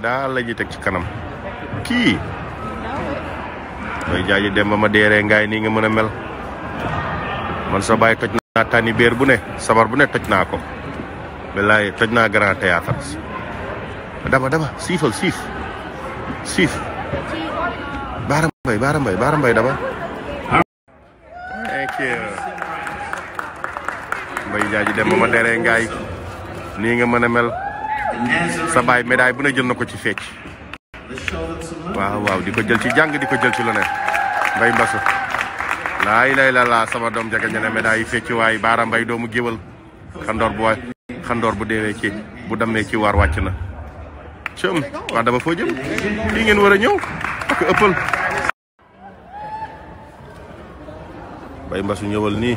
daal la ñuy teg ci kanam kii mooy jaaji dem ba ma deeree ngaay nii nga mën a mel man sa bàyyi toj naa tànni béer bu ne sabar bu ne toj naa ko wallaay toj naa grand théâtre dama dama siifal siif siif baara mbay baara mbay mbay dama thank you mbay jaaji dem ba ma deeree ngaay nii nga mën a mel sa baay bu ne jël na ko ci fecc waaw waaw di ko jël ci jàng di ko jël ci lu ne mbay mbasu laay lay la laa sama doom jaga ñene médaille yi fecc waay baara bay doomu géwal xandoor bu waay bu deewee ci bu dammee ci war wàcc na cëm waa dama foo jëm fii ngeen war ñëw ak ëppal mbay mbasu ñëwal nii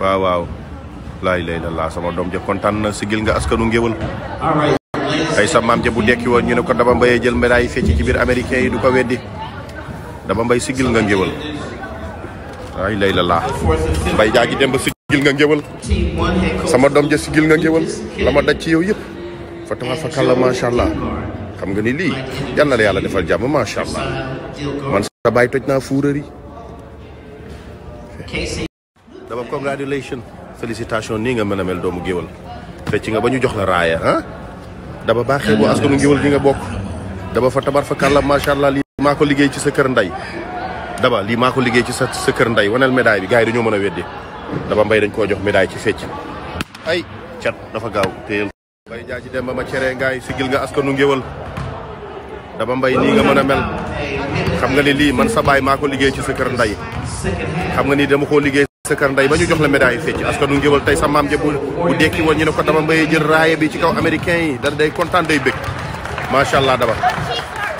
waaw waaw laay lay la laa sama doom ja kontaan na sigil nga askanu ngéwal ay sa maam ja bu dekki woon ñu ne ko dama mbayee jël médaille fecc ci biir américain yi du ko weddi dama mbay sigil nga ngéwal ay la laa mbay jaa gi dem nga ngéwal sama doom ja sigil nga ngéwal la ma daj ci yow yëpp fa taxa fa kàlla macha allah xam nga ni lii yal na la yàlla defal jàmm macha allah man sa baay toj naa fuurari félicitation nii nga mën a mel doomu géwal fecc nga ba ñu jox la raaya ah daba baaxee boo askanu géwal gi nga bokk daba fa tabar fa kàlla macha allah lii maa ko liggéey ci sa kër nday daba lii maa liggéey ci sa sa kër nday waneel médaille bi gars yi dañoo mën a weddi daba mbay dañ koo jox médaille ci fecc ay cat dafa gaaw téyel bay jaaji dem ba ma ceree si sigil nga askanu géwal daba mbay nii nga mën a mel xam nga ni lii man sa baay maa ko liggéey ci sa kër nday xam nga ni dama koo liggéey sa kër ndey ba ñu jox la médaille fecc askanu ngéwal tey sa maam ja bu bu dekki woon ñu ne ko dama mbay jël raaye bi ci kaw américain yi da day kontaan day bëgg macha allah daba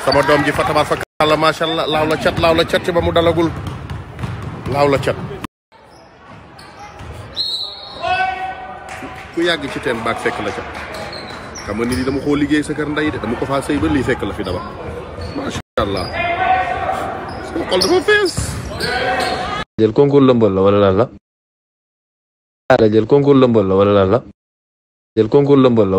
sama doom ji fatabar fa kàlla macha allah laaw la cat laaw la cat ci ba mu dalagul laaw la cat ku yàgg ci teen baag fekk la cat xam nga ni dama koo liggéey sa kër ndey de dama ko faa sëy ba lii fekk la fi daba macha allah jël concours lëmbal la wala lan la jël concours wala lan la jël concours lëmbal la